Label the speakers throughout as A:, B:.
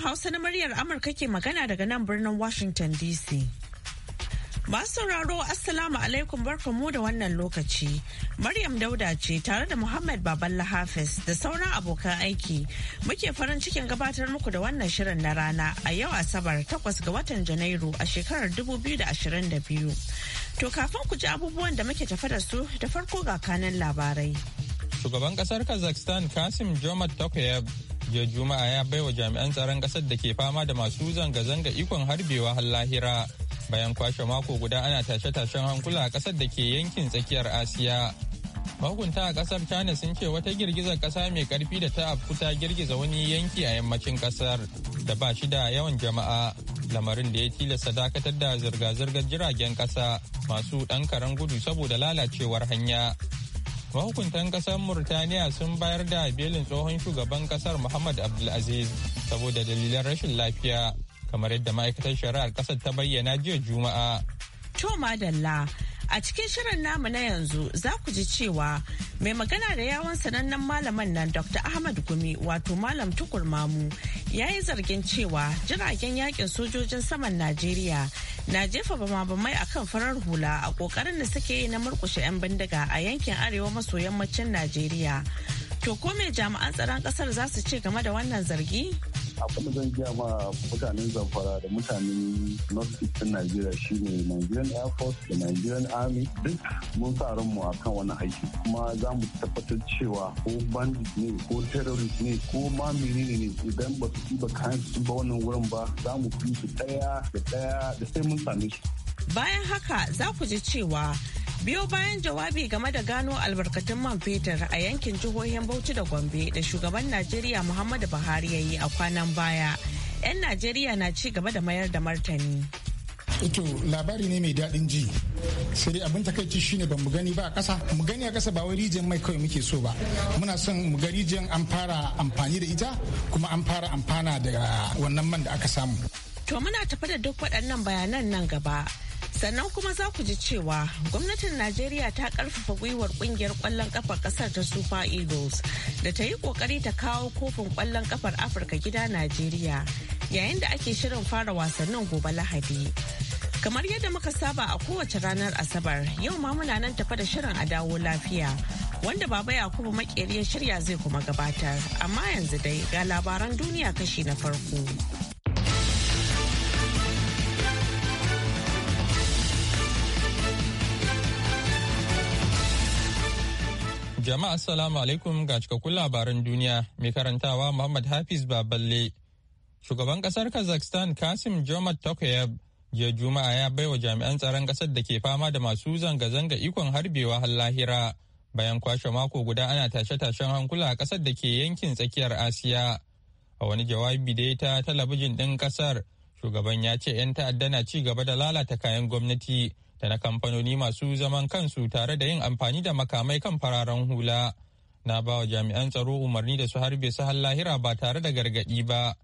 A: Hausa na muryar Amurka ke magana daga nan birnin Washington DC. Masu sauraro Assalamu alaikum barkamu da wannan lokaci. Maryam Dauda ce tare da Muhammad Baballa Hafiz da sauran abokan aiki. Muke farin cikin gabatar muku da wannan shirin na rana a yau Asabar 8 ga watan Janairu a shekarar 2022. To kafin ku ji abubuwan da muke tafa da su da farko ga kanan labarai.
B: Shugaban kasar Kazakhstan Kasim jomat Tokayev jiya juma'a ya baiwa jami'an tsaron kasar da ke fama da masu zanga-zanga ikon harbewa har lahira bayan kwashe mako guda ana tashe-tashen hankula a kasar da ke yankin tsakiyar asiya mahukunta a kasar china sun ce wata girgizar kasa mai karfi da ta afku ta girgiza wani yanki a yammacin kasar da ba shi da yawan jama'a lamarin da ya tilasta dakatar da zirga-zirgar jiragen kasa masu ɗan karen gudu saboda lalacewar hanya mahukuntan kasar murtaniya sun bayar da belin tsohon shugaban kasar muhammad abdulaziz saboda dalilan rashin lafiya kamar yadda ma'aikatar shari'ar kasar ta bayyana jiya juma'a
A: to madalla A cikin shirin namu na yanzu za ku ji cewa mai magana da yawon sanannen malaman nan Dr. Ahmad Gumi wato Malam Tukur Mamu ya yi zargin cewa jiragen yakin sojojin saman Najeriya na jefa bamabamai a kan farar hula a kokarin da suke yi na murkushe 'yan bindiga a yankin arewa maso yammacin Najeriya. To ko mai jami'an tsaron kasar za su ce game da wannan zargi?
C: abin da zan gaya ma mutanen zamfara da mutanen north east nigeria shine nigerian air force da nigerian army duk mun sa mu a kan wani aiki kuma za mu tabbatar cewa ko bandit ne ko terrorist ne ko ma menene ne idan ba su ba kayan su ba wannan wurin ba za mu fi su daya da daya da sai mun same shi.
A: bayan haka za ku ji cewa biyo bayan jawabi game da gano albarkatun man fetur a yankin jihohin bauchi da gombe da shugaban najeriya muhammadu buhari ya yi a kwanan baya 'yan najeriya na ci gaba da mayar da martani
D: ito labari ne mai daɗin ji sai dai abin takaici shine ba mu gani ba a ƙasa mu gani a ƙasa ba wai rijiyar mai kawai muke so ba muna son mu ga rijiyar an fara amfani da ita kuma an fara amfana da wannan man da aka samu
A: to muna tafi da duk waɗannan bayanan nan gaba sannan kuma za ku ji cewa gwamnatin najeriya ta karfafa gwiwar kungiyar kwallon kafar kasar ta super eagles da ta yi kokari ta kawo kofin kwallon kafar afirka gida najeriya yayin da ake shirin fara wasannin gobe lahadi kamar yadda muka saba a kowace ranar asabar yau ma muna nan tafa da shirin a dawo lafiya wanda baba yakubu makeri shirya zai kuma gabatar amma yanzu dai ga labaran duniya kashi na farko.
B: Jama'a salamu alaikum ga cikakkun labaran duniya mai karantawa Muhammad Hafiz Baballe. Shugaban kasar Kazakhstan Kasim Jomart Tokayev jiya Juma'a ya baiwa jami'an tsaron kasar da ke fama da masu zanga-zanga ikon harbewa har lahira bayan kwashe mako guda ana tashe-tashen hankula a kasar da ke yankin tsakiyar Asiya. A wani jawabi da ta talabijin ɗin kasar, shugaban ya ce 'yan ta'adda na ci gaba da lalata kayan gwamnati da na kamfanoni masu zaman kansu tare da yin amfani da makamai kan fararen hula na ba wa jami'an tsaro umarni da su harbe su lahira ba tare da gargaɗi ba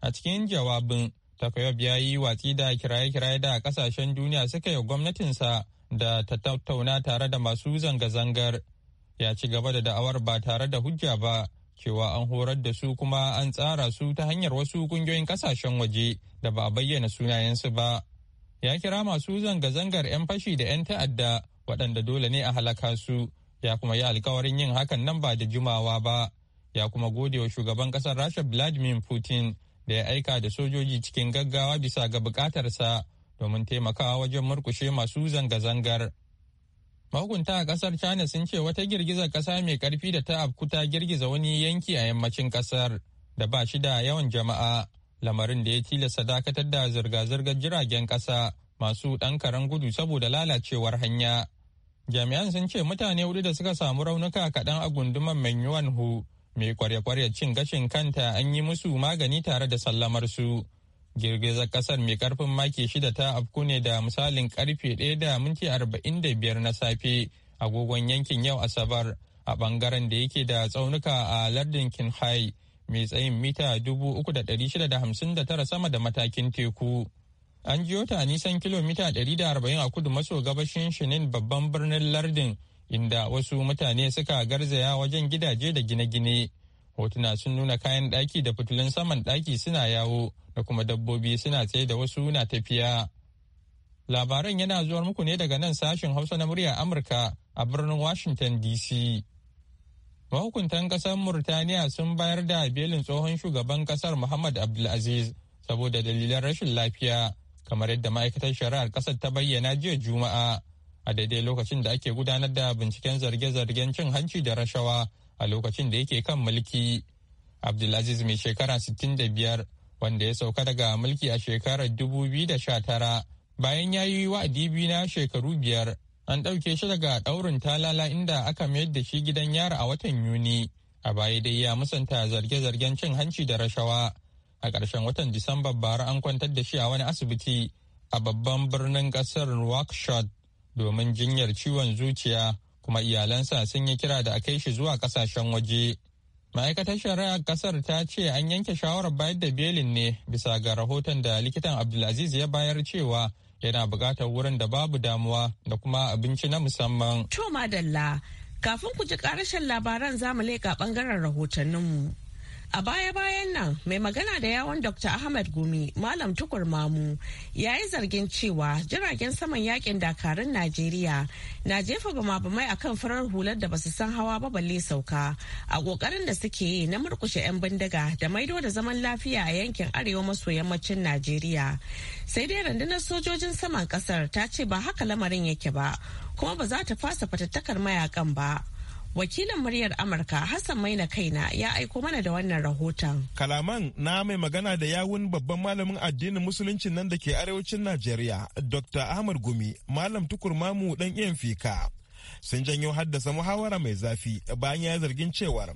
B: a cikin jawabin takoyob ya yi watsi da kiraye-kiraye da kasashen duniya suka yi gwamnatinsa da ta tattauna tare da masu zanga-zangar ya ci gaba da da'awar ba tare da hujja ba cewa an horar da su kuma an tsara su ta hanyar wasu ƙungiyoyin kasashen waje da ba a bayyana sunayensu ba ya kira masu zanga-zangar 'yan fashi da 'yan ta'adda waɗanda dole ne a halaka su ya kuma yi alkawarin yin hakan nan ba da jimawa ba ya kuma gode wa shugaban ƙasar rasha vladimir putin da ya aika da sojoji cikin gaggawa bisa ga buƙatarsa domin taimakawa wajen murkushe masu zanga-zangar mahukunta a ƙasar china sun ce wata girgizar ƙasa mai ƙarfi da ta afkuta girgiza wani yanki a yammacin ƙasar da ba shi da yawan jama'a lamarin da ya tilasta dakatar da zirga-zirgar jiragen ƙasa masu ɗan karen gudu saboda lalacewar hanya. Jami'an sun ce mutane hudu da suka samu raunuka kaɗan a gunduman Menyuan Hu mai kwarya-kwarya cin gashin kanta an yi musu magani tare da sallamar su. Girgizar ƙasar mai ƙarfin maki shida ta afku ne da misalin karfe ɗaya da minti arba'in da biyar na safe agogon yankin yau Asabar a ɓangaren da yake da tsaunuka a lardin Kinhai mai tsayin mita 3,659 sama da matakin teku. An jiyo ta nisan kilomita 140 a kudu maso gabashin Shinin babban birnin Lardin inda wasu mutane suka garzaya wajen gidaje da gine-gine. Hotuna sun nuna kayan ɗaki da fitilun saman ɗaki suna yawo da kuma dabbobi suna tsaye da wasu na tafiya. Labaran yana zuwar muku ne daga nan sashen Hausa na murya Amurka a birnin Washington DC. mahukuntan kasar murtaniya sun bayar da belin tsohon shugaban kasar muhammad abdulaziz saboda dalilan rashin lafiya kamar yadda ma'aikatar shari'ar kasar ta bayyana jiya juma'a a daidai lokacin da ake gudanar da binciken zarge-zargen cin hanci da rashawa a lokacin da yake kan mulki abdulaziz mai shekara 65 wanda ya sauka daga mulki a shekarar 2019 bayan ya yi wa'adi biyu na shekaru biyar an ɗauke shi daga ɗaurin talala inda aka mayar da shi gidan yara a watan yuni a baya dai ya musanta zarge-zargen cin hanci da rashawa a ƙarshen watan disamba bara an kwantar da shi a wani asibiti a babban birnin ƙasar nouakchott domin jinyar ciwon zuciya kuma iyalansa sun yi kira da a kai shi zuwa ƙasashen waje ma'aikatar shari'a ƙasar ta ce an yanke shawarar bayar da belin ne bisa ga rahoton da likitan abdulaziz ya bayar cewa yana buƙatar wurin da babu damuwa da kuma abinci na musamman.
A: To madalla, kafin ku ji ƙarashin labaran zamu leƙa ɓangaren rahotanninmu. A baya-bayan nan mai magana da yawon Dr. Ahmed Gumi Malam Tukur Mamu ya yi zargin cewa jiragen saman yakin dakarun Najeriya na jefa bama-bamai a kan farar hular da basu san hawa ba balle sauka a ƙoƙarin da suke yi na murkushe 'yan bindiga da maido da zaman lafiya a yankin arewa maso yammacin Najeriya. Sai dai rundunar sojojin saman ƙasar ta ce ba haka lamarin yake ba kuma ba za ta fasa fatattakar mayakan ba. Wakilin muryar Amurka Hassan Maina Kaina ya aiko mana da wannan rahoton.
E: Kalaman na mai magana da yawun babban malamin addinin musuluncin nan da ke arewacin Najeriya, Dr. Ahmad Gumi, Malam Tukurmamu dan iyan fika. Sun janyo haddasa muhawara mai zafi bayan ya zargin cewar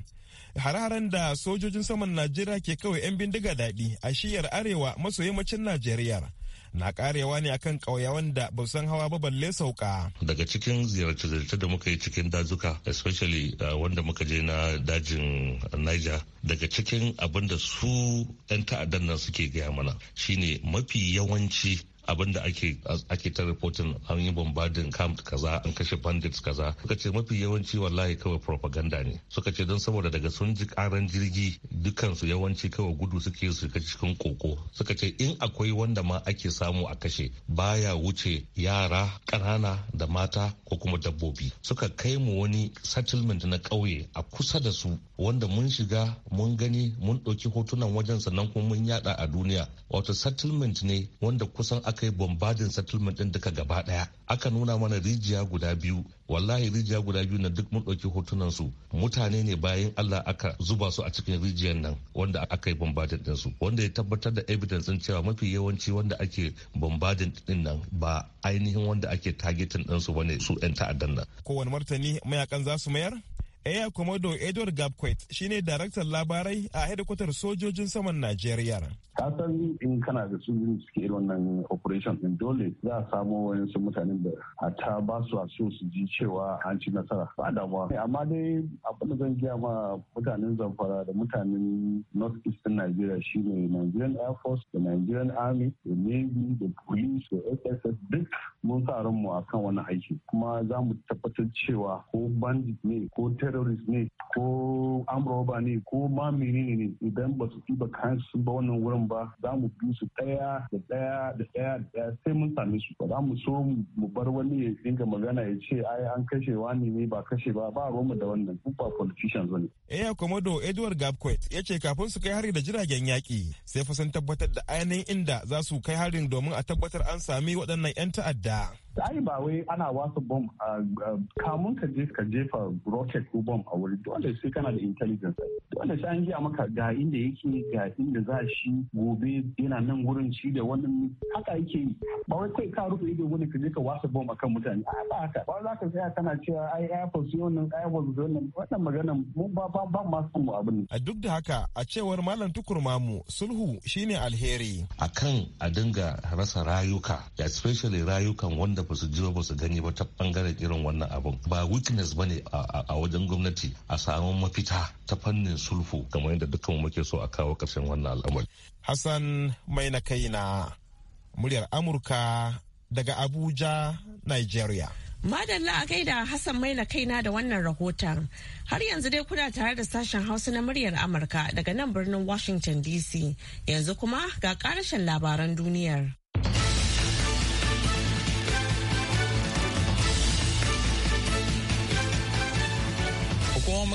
E: hare-haren da sojojin saman Najeriya ke kawai 'yan bindiga daɗi a shiyar arewa maso yammacin Najeriya. na karewa ne akan ƙauyawan da ba san hawa ba balle sauka.
F: Daga cikin ziyarce-ziyarce da muka yi cikin dazuka especially uh, wanda muka je na dajin Niger daga cikin abin da su 'yan ta'addan nan suke gaya mana shine mafi yawanci abin da ake ake ta reporting an yi bombardin camp kaza an kashe bandits kaza suka ce mafi yawanci wallahi kawai propaganda ne suka ce don saboda daga sun ji karan jirgi dukansu yawanci kawai gudu suke su ka cikin koko suka ce in akwai wanda ma ake samu a kashe baya wuce yara ƙanana da mata ko kuma dabbobi suka kai mu wani settlement na ƙauye a kusa da su wanda mun shiga mun gani mun ɗauki hotunan wajen sannan kuma mun yada a duniya wato settlement ne wanda kusan aka aka yi bombardin settlement din duka gaba daya aka nuna mana rijiya guda biyu wallahi rijiya guda biyu na duk mun dauki hotunan su mutane ne bayan Allah aka zuba su a cikin rijiyar nan wanda aka yi bombardin din su wanda ya tabbatar da evidence din cewa mafi yawanci wanda ake bombardin din nan ba ainihin wanda ake targeting din su bane su yan ta'addan nan
E: kowane martani mayakan za su mayar Eya Komodo Edward Gabquet shine daraktan labarai a hedikwatar sojojin saman Najeriya.
C: ka san in kana da su suke irin wannan operation din dole za a samo wayansu mutanen da a ta ba su a so su ji cewa an ci nasara ba damuwa amma dai abin da zan gaya ma mutanen zamfara da mutanen north east din Najeriya shine Nigerian Air Force da Nigerian Army da Navy da Police da SSS duk mun sa ranmu a kan wani aiki kuma za mu tabbatar cewa ko bandit ne ko terrorist ne ko amroba ne ko ma menene ne idan ba su ɗiba kansu ba wannan wurin ba za mu bi su ɗaya da ɗaya da ɗaya da ɗaya sai mun same su ba za mu so mu bar wani ya dinga magana ya ce ai an kashe wani ne ba kashe ba ba mu da wannan duk ba politicians ne.
E: Eya Komodo Edward Gabquet ya ce kafin su kai hari da jiragen yaki sai fa sun tabbatar da ainihin inda za su kai harin domin a tabbatar an sami waɗannan 'yan ta'adda.
C: ai ba wai ana wasa bom kamun ka je ka jefa rocket ko bom a wuri dole sai kana da intelligence dole sai an giya maka ga inda yake ga inda za shi gobe yana nan wurin ci da wannan haka yake yi ba wai kai ka rufe ido wani ka je ka wasa bom akan mutane a ba haka ba za ka tsaya kana cewa ai airport yau nan airport yau nan wannan magana mun ba ba ba ma mu abin a duk da haka
E: a cewar malam tukurma mu sulhu
F: shine alheri akan a dinga rasa rayuka especially rayukan wanda ba su ji ba su gani ba ta bangaren irin wannan abun ba weakness ba ne a wajen gwamnati a samu mafita ta fannin sulfu kamar yadda dukkan mu muke so a kawo karshen wannan al'amari.
E: Hassan mai na kai na muryar Amurka daga Abuja, Nigeria.
A: Madalla a gaida Hassan Maina kaina da wannan rahoton. Har yanzu dai kuna tare da sashen Hausa na muryar Amurka daga nan birnin Washington DC. Yanzu kuma ga karshen labaran duniyar.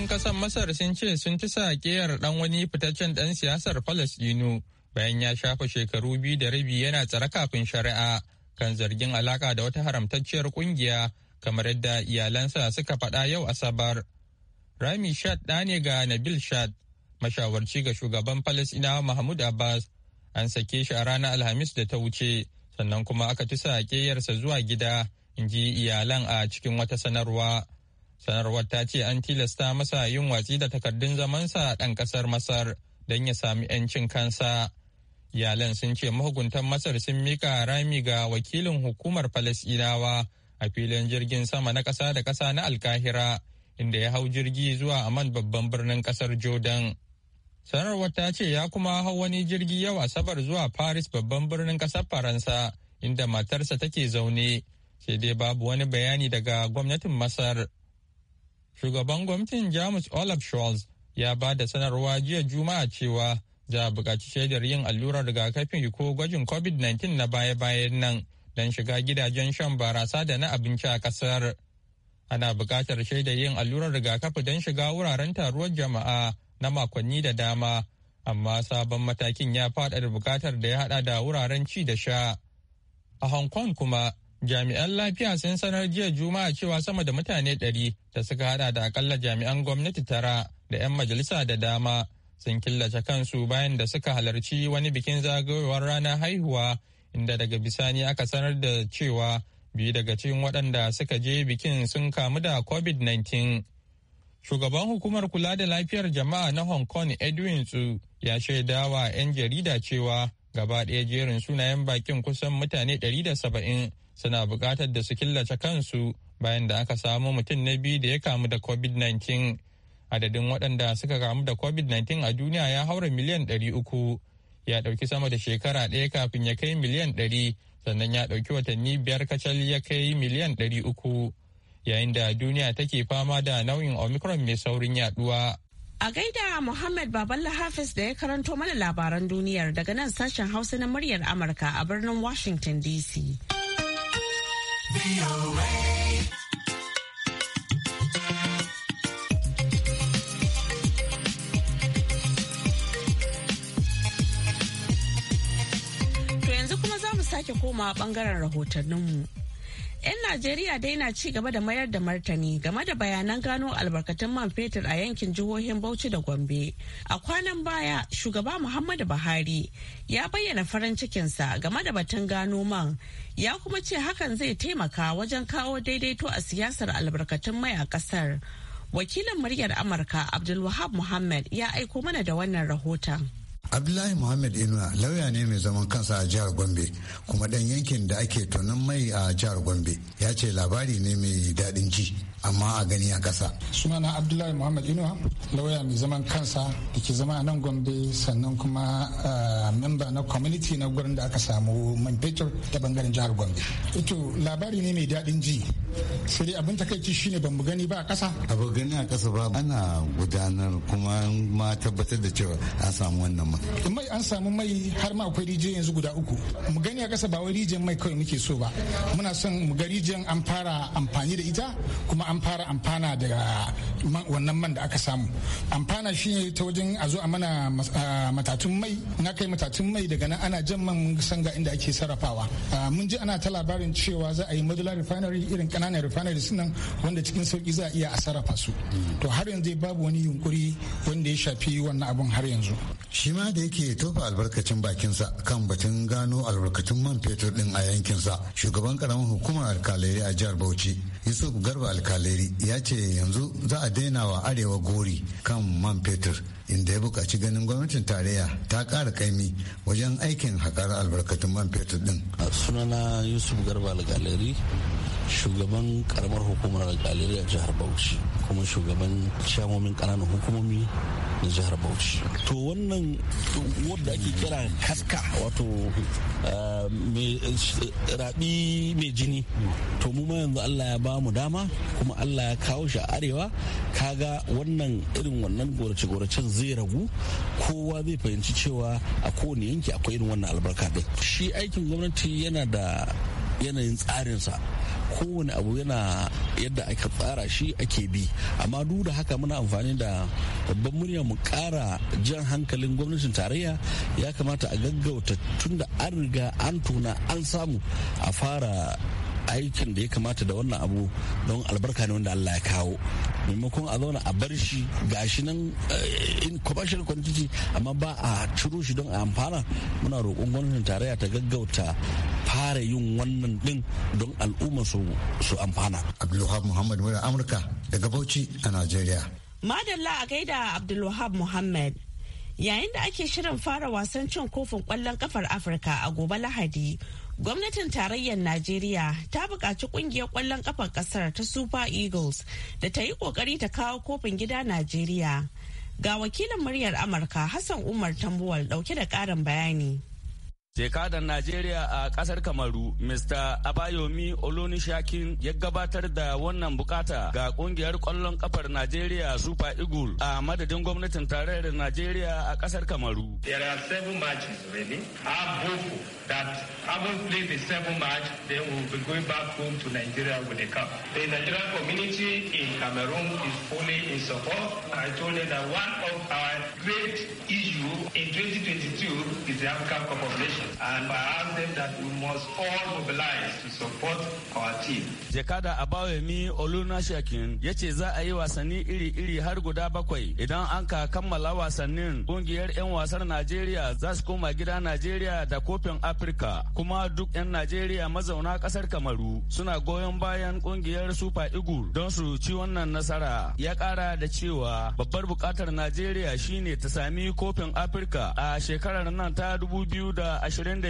B: hukumomin kasar masar sun ce sun ci saƙiyar ɗan wani fitaccen ɗan siyasar falasɗinu bayan ya shafa shekaru biyu da rabi yana tsare kafin shari'a kan zargin alaƙa da wata haramtacciyar kungiya kamar yadda iyalansa suka faɗa yau asabar rami shad ɗa ne ga nabil shad mashawarci ga shugaban falasɗinawa mahmud abbas an sake shi a ranar alhamis da ta wuce sannan kuma aka ci sa zuwa gida in ji iyalan a cikin wata sanarwa sanarwar ta ce an tilasta masa yin watsi da takardun zamansa a ɗan ƙasar masar don ya sami 'yancin kansa iyalan sun ce mahukuntan masar sun mika rami ga wakilin hukumar falasɗinawa a filin jirgin sama na ƙasa da ƙasa na alkahira inda ya hau jirgi zuwa a man babban birnin ƙasar jordan sanarwar ta ce ya kuma hau wani jirgi yau asabar zuwa paris babban birnin ƙasar faransa inda matarsa take zaune sai dai babu wani bayani daga gwamnatin masar Shugaban gwamnatin Jamus Olaf Scholz ya ba da sanarwa jiya Juma'a cewa za a buƙaci shaidar yin allurar rigakafin ko gwajin COVID-19 na baya-bayan nan don shiga gidajen shan barasa da na abinci a ƙasar. Ana buƙatar shaidar yin allurar rigakafi don shiga wuraren taruwar jama'a na makonni da dama, amma sabon matakin ya faɗaɗa buƙatar da ya haɗa da wuraren ci da sha. A Hong Kong kuma, Jami'an lafiya sun sanar jiya Juma'a cewa sama da mutane ɗari da suka hada da akalla jami'an gwamnati tara da 'yan majalisa da dama sun killace kansu bayan da suka halarci wani bikin zagayowar ranar haihuwa inda daga bisani aka sanar da cewa biyu daga cikin waɗanda suka je bikin sun kamu da covid-19 shugaban hukumar kula da lafiyar jama'a na hong kong edwin tsu ya shaidawa 'yan jarida cewa gaba ɗaya jerin sunayen bakin kusan mutane 170 suna buƙatar da su killace kansu bayan da aka samu mutum na biyu da ya kamu da covid-19 adadin waɗanda suka kamu da covid-19 a duniya ya haura miliyan 300 ya ɗauki sama da shekara ɗaya kafin ya kai miliyan 100 sannan ya ɗauki watanni biyar kacal ya kai miliyan 300 yayin da duniya take fama da nau'in omicron mai saurin yaduwa.
A: A gaida Muhammad Baballa Hafiz da ya karanto mana labaran duniyar daga nan sashen Hausa na muryar Amurka a birnin Washington DC. To yanzu kuma za mu sake koma bangaren rahotanninmu. 'Yan Najeriya dai na ci gaba da mayar da martani game da bayanan gano albarkatun man fetur a yankin jihohin Bauchi da Gombe. A kwanan baya, shugaba Muhammadu Buhari ya bayyana farin cikinsa game da batun gano man, ya kuma ce hakan zai taimaka wajen kawo daidaito a siyasar albarkatun mai a ƙasar. Wakilin muryar Amurka Abdulwahab Muhammad ya aiko mana da wannan rahoton.
D: abdullahi muhammad inuwa lauya ne mai zaman kansa a jihar gombe kuma dan yankin da ake tonon mai a jihar gombe ya ce labari ne mai daɗin ji amma a gani a ƙasa sunana abdullahi muhammad inuwa lauya mai zaman kansa da ke zama a nan gombe sannan kuma memba na community na gurin da aka samu man fetur ta bangaren jihar gombe ito labari ne mai daɗin ji sai dai abin takaici shine ban mu gani ba a ƙasa abu gani a ƙasa ba ana gudanar kuma ma tabbatar da cewa an samu wannan mai an samu mai har ma akwai rijiyar yanzu guda uku mu gani a kasa ba wai rijiyar mai kawai muke so ba muna son mu ga rijiyar an fara amfani da ita kuma an fara amfana da wannan man da aka samu amfana shi ne ta wajen a zo a mana matatun mai na kai matatun mai daga nan ana jan man mun san ga inda ake sarrafawa mun ji ana ta labarin cewa za a yi modular refinery irin kananan refinery nan wanda cikin sauki za a iya a sarrafa su to har yanzu babu wani yunkuri wanda ya shafi wannan abun har yanzu shi ma da yake tofa albarkacin bakinsa kan batun gano albarkacin man fetur din a yankinsa shugaban karamin hukumar alkaleri a jihar bauchi yusuf garba alkaleri ya ce yanzu za a daina wa arewa gori kan man fetur inda ya buƙaci ganin gwamnatin tarayya ta ƙara kaimi wajen aikin haƙar albarkatun man fetur ɗin.
G: sunana yusuf garba alƙalari shugaban ƙaramar hukumar alƙalari a jihar bauchi kuma shugaban shamomin ƙananan hukumomi na jihar bauchi to wannan wadda ake kira kaska wato eh, rabi mai jini to mu ma yanzu allah ya ba mu dama kuma allah ya kawo shi a arewa kaga wannan irin wannan gorace-goracen zai ragu kowa zai fahimci cewa a kowane yanki akwai irin wannan albarka din shi aikin gwamnati yana da yanayin tsarinsa kowane abu yana yadda aka tsara shi ake bi amma duk da haka muna amfani da babban murya mu kara jan hankalin gwamnatin tarayya ya kamata a gaggauta tunda an riga an tuna an samu a fara aikin da ya kamata da wannan abu don albarka ne wanda Allah ya kawo maimakon a zauna a bar shi gashi nan eh, in commercial quantity amma ba a ciro shi don a amfana muna roƙon gwamnatin tarayya ta gaggauta fara yin wannan din don al'umma su amfana abdulwahab muhammad muna amurka
D: daga bauchi a najeriya
A: madalla a gaida abdulwahab muhammad yayin da ake shirin fara wasan cin kofin kwallon kafar afirka a gobe lahadi gwamnatin tarayyar najeriya ta buƙaci ƙungiyar ƙwallon kafar ƙasar ta super eagles da ta yi ƙoƙari ta kawo kofin gida najeriya ga wakilin muryar amurka hassan umar tambuwal ɗauke da ƙarin bayani
H: Jekadar Najeriya a kasar Kamaru, Mr. Abayomi Olonishakin ya gabatar da wannan bukata ga kungiyar kwallon kafar Najeriya Super Eagle a madadin gwamnatin tarayyar Najeriya a kasar Kamaru.
E: There are seven matches really. I'm hopeful that having played the seven match, they will be going back home to Nigeria with the cup. The Nigerian community in Cameroon is fully in support. I told them that one of our great issues in 2022 is the African population. And I ask them that we must all
I: mobilize to support
H: our team. Jakada Abawemi Olunashakin ya ce za a yi wasanni iri-iri har guda bakwai. Idan an ka kammala wasannin kungiyar 'yan wasar Najeriya za su koma gida Najeriya da kofin Afirka. Kuma duk 'yan Najeriya mazauna kasar Kamaru suna goyon bayan kungiyar Super Eagle don su ci wannan nasara. Ya kara da cewa babbar bukatar Najeriya shine ta sami kofin Afirka a shekarar nan ta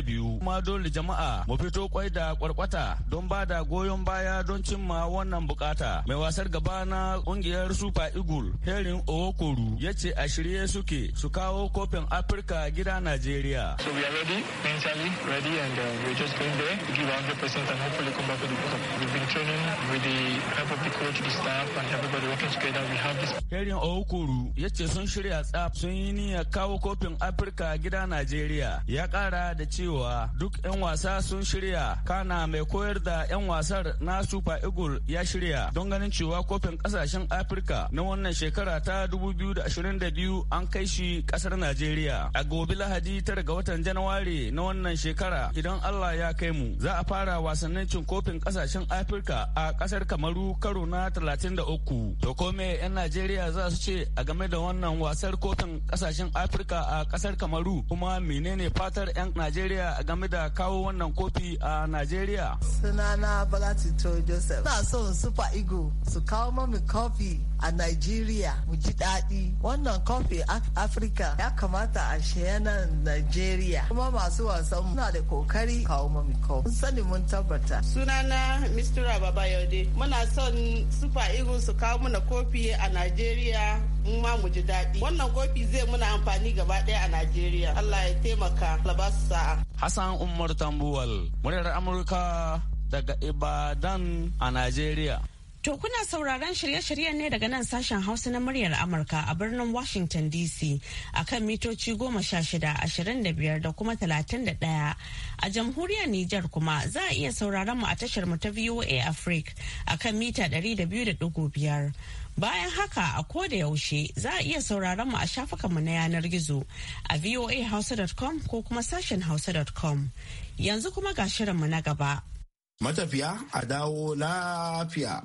H: biyu kuma dole jama'a mu fito kwai da kwarkwata don ba da goyon baya don cimma wannan bukata mai wasar gaba na kungiyar super eagle herin owokoru ya ce a shirye suke su kawo kofin afirka gida najeriya
B: so we are ready mentally ready and uh, we're just going there to give 100% and hopefully come back with the cup we've been training with the help of the coach the staff
E: and
F: everybody we have this
H: herin owokoru ya ce sun shirya tsaf sun yi niyyar kawo kofin afirka gida najeriya ya kara da cewa duk 'yan wasa sun shirya kana mai koyar da 'yan wasar na super eagle ya shirya don ganin cewa kofin kasashen afirka na wannan shekara ta 2022 an kai shi kasar najeriya a gobe lahadi tara ga watan janawari na wannan shekara idan allah ya kai mu za a fara wasannin cin kofin kasashen afirka a kasar kamaru karo na 33 to kome 'yan najeriya za su ce a game da wannan wasar kofin kasashen afirka a kasar kamaru kuma menene fatar 'yan Najeriya game da kawo wannan kofi a Najeriya.
G: Sunana Balatito Joseph. Na son Super Eagle su kawo mami kofi a Najeriya mu ji daɗi. Wannan kofi Afirka ya kamata a shaya nan Najeriya. Kuma masu wasan muna da kokari kawo mami kofi. Mun
A: sani mun tabbata. Sunana Mistura Babayode. Muna son Super Eagle su kawo mana kofi a Najeriya mu ma mu ji daɗi wannan kofi zai muna amfani gaba ɗaya a najeriya allah ya taimaka labasu sa'a
H: hassan umar tambuwal muryar amurka daga ibadan a najeriya
A: To kuna sauraron shirye-shiryen ne daga nan sashen Hausa na muryar Amurka a birnin Washington DC a kan mitoci goma sha shida ashirin da biyar da kuma talatin da ɗaya. A jamhuriyar Nijar kuma za a iya sauraron mu a tashar mu ta VOA Africa a kan mita ɗari da biyu da ɗigo biyar. Bayan haka a koda yaushe za a iya sauraron mu a shafukanmu na yanar gizo a voahausa.com ko kuma sashen hausa.com. Yanzu kuma ga shirin mu na gaba.
I: Matafiya a dawo lafiya.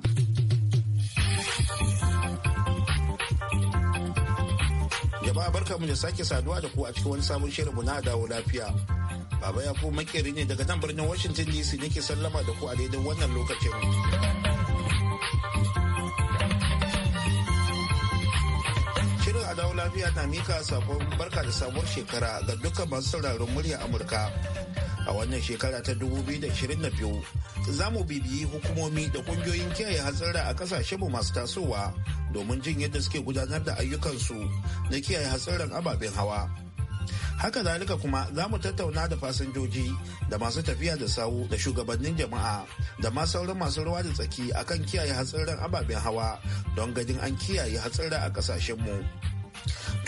I: Jama'a barka mu da sake saduwa da ku a cikin wani sabon shirin shirinmu na dawo lafiya. Baba ya makeri ne daga nan birnin Washington DC nake sallama da ku a daidai wannan lokacin. Shirin a lafiya na mika sabon barka da sabuwar shekara ga dukkan masu sauraron murya Amurka. A wannan shekara ta 2022 za mu bibiyi hukumomi da kungiyoyin kiyaye hatsara a kasashenmu masu tasowa domin jin yadda suke gudanar da ayyukansu na kiyaye hatsarin ababen hawa. haka zalika kuma za mu tattauna da fasinjoji da masu tafiya da sawu da shugabannin jama'a da ma sauran masu ruwa da tsaki akan kiyaye hatsarin ababen hawa don gadin an kiyaye hatsara a kasashenmu. mu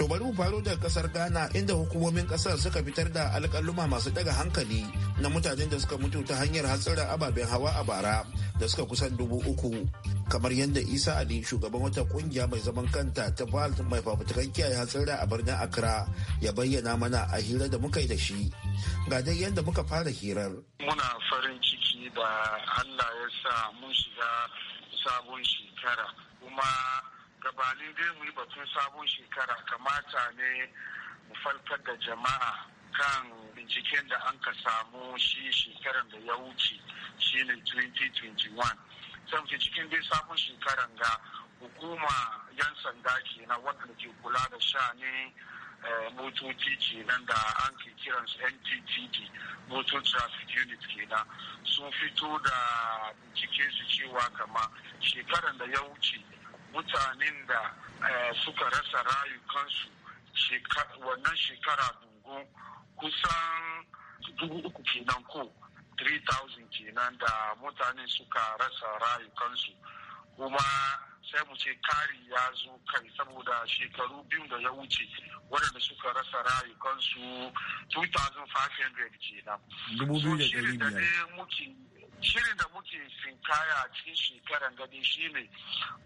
I: To bari mu faro daga kasar Ghana inda hukumomin kasar suka fitar da alƙaluma masu daga hankali na mutanen da suka mutu ta hanyar hatsarin ababen hawa a bara da suka kusan dubu uku. Kamar yadda Isa Ali shugaban wata kungiya mai zaman kanta ta VAL mai fafutukan kiyaye hatsarin a birnin Accra ya bayyana mana a hira da muka yi da shi. Ga dai yadda muka fara hirar.
J: Muna farin ciki da Allah ya sa mun shiga sabon shekara kuma gabanin dai mu yi batun sabon shekara kamata ne mu falkar da jama'a kan binciken da an ka samu shi shekaran da ya wuce shine 2021 sam cikin dai sabon shekaran ga hukuma yan sanda na waɗanda ke kula da sha ne eh, motoci nan da an ke su nttd motor traffic unit ke kenan sun fito da binciken su cewa kama shekaran da ya wuce mutanen da eh, suka rasa rayukansu wannan shekara dungu kusan dubu uku kenan ko 3,000 kenan da mutane suka rasa rayukansu kuma sai mu ce kari ya zo kai saboda shekaru biyu da ya wuce waɗanda suka rasa rayukansu 2,500 kenan. Dubu biyu shirin da muke sinkaya a cikin shekaran gadi shine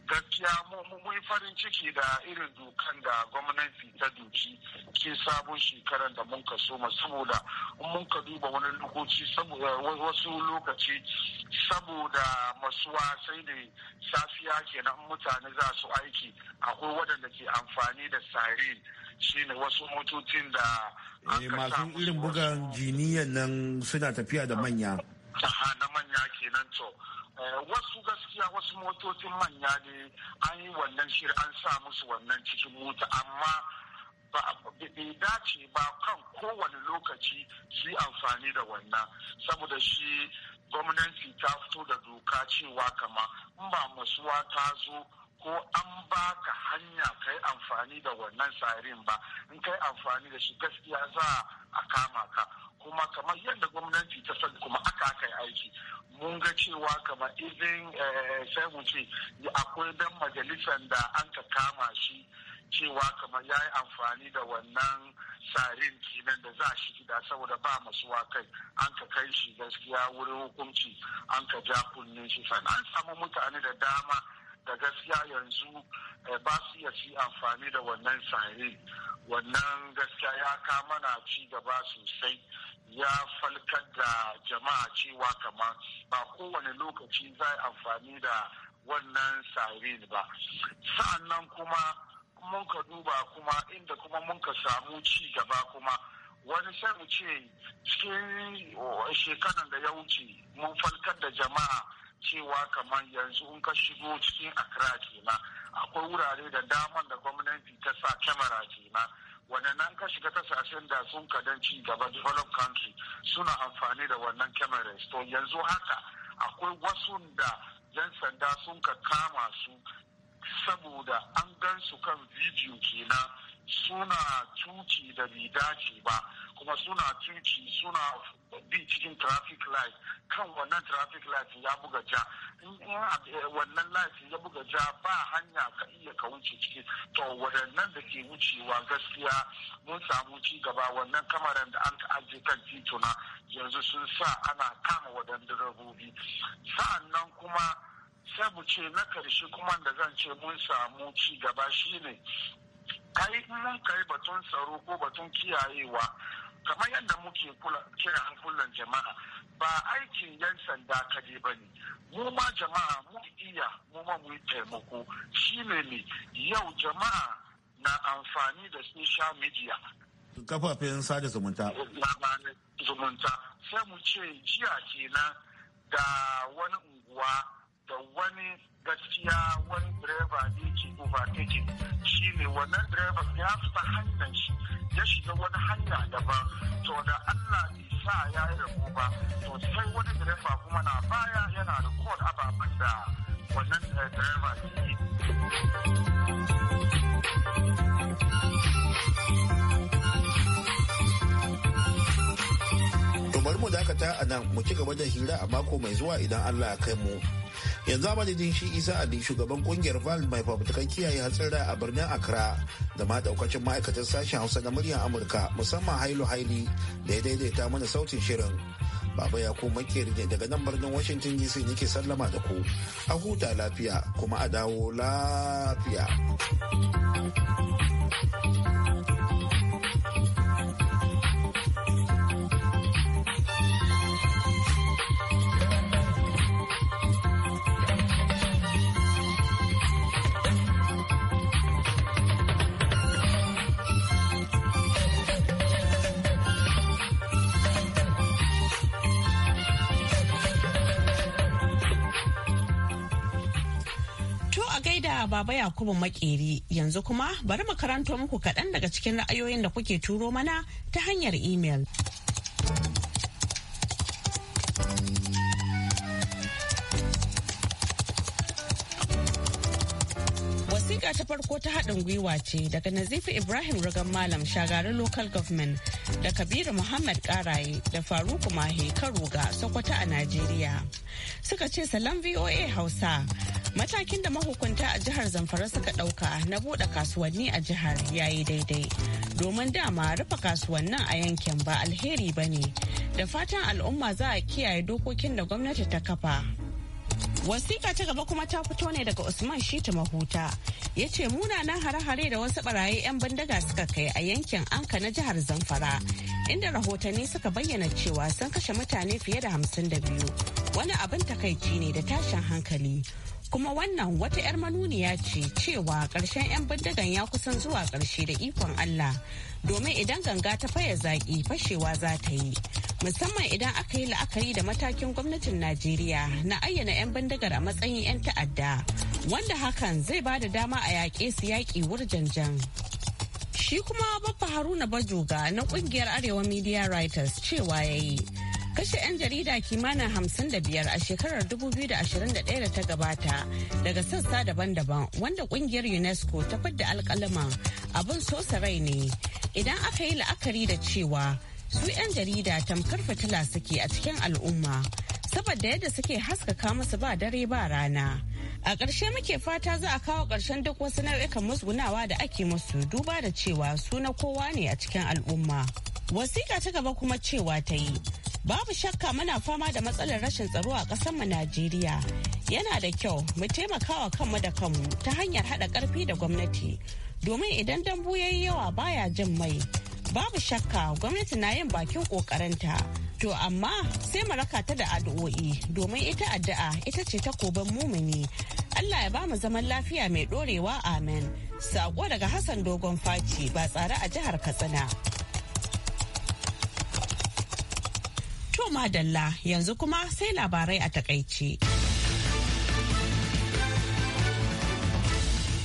J: gaskiya mun farin ciki da irin dokan da gwamnati ta doki ke sabon shekaran da mun kaso ma saboda mun ka duba wani lokaci eh, wasu lokaci saboda masuwa sai da safiya kenan mutane za su aiki akwai waɗanda ke amfani da sarin shine wasu motocin da eh, masu
I: irin bugan jiniyan nan suna tafiya da manya
J: Aha na manya kenan to. Eh, wasu gaskiya wasu motocin manya ne an yi wannan shiri an sa musu wannan cikin mota amma bai dace ba kan kowane lokaci su yi amfani da wannan saboda shi gwamnati ta fito da doka cewa kama in ba masuwa ta zo ko an baka hanya ka yi amfani da wannan sarin ba in kai amfani da shi gaskiya za a kama ka kuma kamar yadda gwamnati ta sani kuma aka kai aiki mun ga cewa kamar izin eh, sai mu ce akwai dan majalisar da an ka kama shi cewa kamar ya yi amfani da wannan sarin kinan da za shi gida saboda ba masu kai an ka kai shi gaskiya wurin hukunci an ka ja kunnen shi sannan an samu mutane da dama da gaskiya yanzu eh, ba su iya ci amfani da wannan sare wannan gaskiya ya kama na ci gaba sosai ya falkar da jama'a cewa kamar ba kowane lokaci za amfani da wannan sare ba sa'annan kuma mun ka duba kuma inda kuma mun ka samu ci gaba kuma wani sai mu ce cikin oh, shekaran da ya wuce mun falkar da jama'a cewa kamar yanzu in ka shigo cikin Accra kenan akwai wurare da daman da gwamnati ta sa kyamara kenan waɗannan ka shiga kasashen da sun kadan ci gaba developed country suna amfani da wannan cameras to yanzu haka akwai wasu da yan sanda sun ka kama su saboda an gan su kan video kenan suna cuci da bai dace ba kuma suna cuci suna bi cikin traffic light kan wannan traffic light ya buga ja in eh, wannan light ya buga ja ba hanya ka iya ka wuce ciki to wadannan da ke wucewa gaskiya mun samu ci gaba wannan kamaran da an ajiye kan tituna yanzu sun sa ana kama wadannan rabobi sa'annan kuma sai ce na karshe kuma da zan ce mun samu ci gaba shine kai mun kai batun tsaro ko batun kiyayewa kamar yadda muke kira hankulan jama'a ba aikin yan sanda kaje ba ne mu ma jama'a mu iya mu ma mu taimako shi ne ne yau jama'a na amfani da social media
I: kafafen sada zumunta
J: zumunta sai mu ce jiya kenan da wani unguwa da wani gaskiya wani direba ne overtaking shi ne wannan direban ya fita hanyar shi ya shiga wani hanya daban to da allah bai sa ya yi rabu ba to sai wani direba kuma na baya yana rikod ababen da wannan eh, driver ke yi
I: bari mu dakata a nan mu ci gaba da hira a mako mai zuwa idan Allah ya kai mu. Yanzu madadin shi Isa Ali shugaban kungiyar Val mai fafutukan kiyaye hatsira a birnin Accra da ma daukacin ma'aikatan sashen Hausa na muryar Amurka musamman Hailu Haili da ya daidaita mana sautin shirin. Baba ya ko makeri ne daga nan birnin Washington DC nake sallama da ku. A huta lafiya kuma a dawo lafiya.
A: baba Yakubu makeri yanzu kuma bari mu karanto muku kaɗan daga cikin ra'ayoyin da kuke turo mana ta hanyar imel. wasiƙa ta farko ta haɗin gwiwa ce daga nazifi ibrahim rugan malam shagarin local government da kabiru muhammad karaye da faruku mahe karuga sokoto a najeriya suka ce salam voa hausa Matakin da mahukunta a jihar Zamfara suka ɗauka na buɗe kasuwanni a jihar yayi daidai. Domin dama rufe kasuwannin a yankin ba alheri ba ne. Da fatan al'umma za a kiyaye dokokin da gwamnati ta kafa Wasiƙa ta gaba kuma ta fito ne daga Usman Shita Mahuta. Ya ce munanan hare-hare da wasu barayi 'yan bindiga suka kai a yankin Anka na jihar Zamfara. Inda rahotanni suka bayyana cewa sun kashe mutane fiye da hamsin da biyu. Wani abin takaici ne da tashin hankali. Kuma wannan wata 'yar manuniya ce cewa ƙarshen 'yan bindigan ya kusan zuwa ƙarshe da ikon Allah. domin idan ganga ta faya zaƙi fashewa za ta yi. Musamman idan aka yi la'akari da matakin gwamnatin Najeriya na ayyana 'yan bindigar a matsayin 'yan ta'adda, wanda hakan zai ba da dama a yaƙe su yaƙi wurjanjan. Shi kuma babba Haruna Bajoga na ƙungiyar Arewa Media Writers cewa ya yi. kashe 'yan jarida kimanin hamsin da biyar a shekarar 2021 da da ta gabata daga sassa daban-daban wanda kungiyar unesco ta fidda alkalama abin sosa rai ne idan aka yi la'akari da cewa su 'yan jarida tamkar fitila suke a cikin al'umma saboda yadda suke haskaka musu ba dare ba rana a ƙarshe muke fata za a kawo ƙarshen duk wasu nau'ikan musgunawa da ake musu duba da cewa su na kowa ne a cikin al'umma wasiƙa ta gaba kuma cewa ta yi babu shakka muna fama da matsalar rashin tsaro a ƙasar mu najeriya yana da kyau mu taimakawa kanmu da kanmu ta hanyar haɗa ƙarfi da gwamnati domin idan dambu ya yi yawa baya jin mai babu shakka gwamnati na yin bakin kokarinta To amma sai mu raka ta da addu'o'i domin ita addu'a ita ce ta koban mumuni. Allah ya bamu zaman lafiya mai dorewa amen. Sako daga Hassan Dogon Faci ba tsare a jihar Katsina. To madalla yanzu kuma sai labarai a takaice.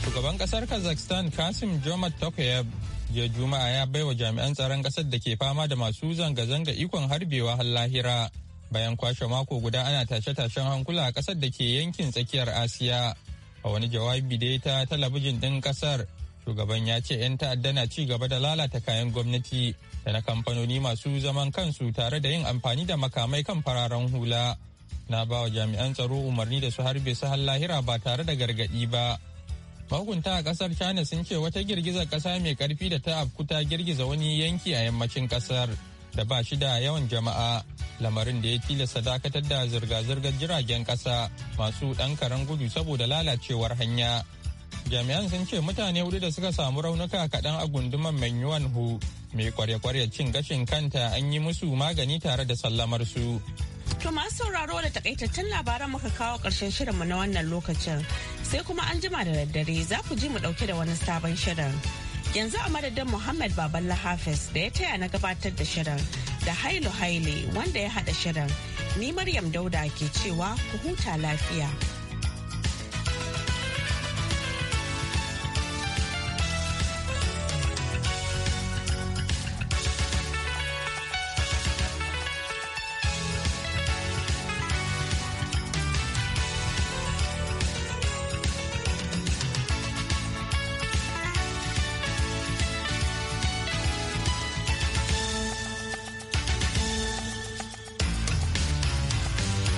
B: Shugaban kasar Kazakhstan Kasim Jomat Tokayev jiya juma'a ya baiwa jami'an tsaron kasar da ke fama da masu zanga-zanga ikon harbewa har lahira bayan kwashe mako guda ana tashe-tashen hankula a kasar da ke yankin tsakiyar asiya a wani jawabi da ta talabijin ɗin kasar shugaban ya ce 'yan ta'adda na ci gaba da lalata kayan gwamnati da na kamfanoni masu zaman kansu tare da yin amfani da makamai kan fararen hula na bawa jami'an tsaro umarni da su harbe su har lahira ba tare da gargaɗi ba mahukunta a kasar china sun ce wata girgizar kasa mai karfi da ta afku ta girgiza wani yanki a yammacin kasar da ba shi da yawan jama'a lamarin da ya tilasta dakatar da zirga-zirgar jiragen kasa masu ɗan karen gudu saboda lalacewar hanya jami'an sun ce mutane hudu da suka samu raunuka kaɗan a gunduman mai hu mai kwarya-kwarya cin gashin kanta an yi musu magani tare da sallamar su
A: To masu sauraro da takaitattun labaran muka kawo ƙarshen shirinmu na wannan lokacin sai kuma an jima da daddare za ku ji mu ɗauke da wani sabon shirin. Yanzu a madadin Muhammad Baballa Hafiz da ya taya na gabatar da shirin da Hailu Haile wanda ya haɗa shirin. Ni Maryam Dauda ke cewa ku huta lafiya.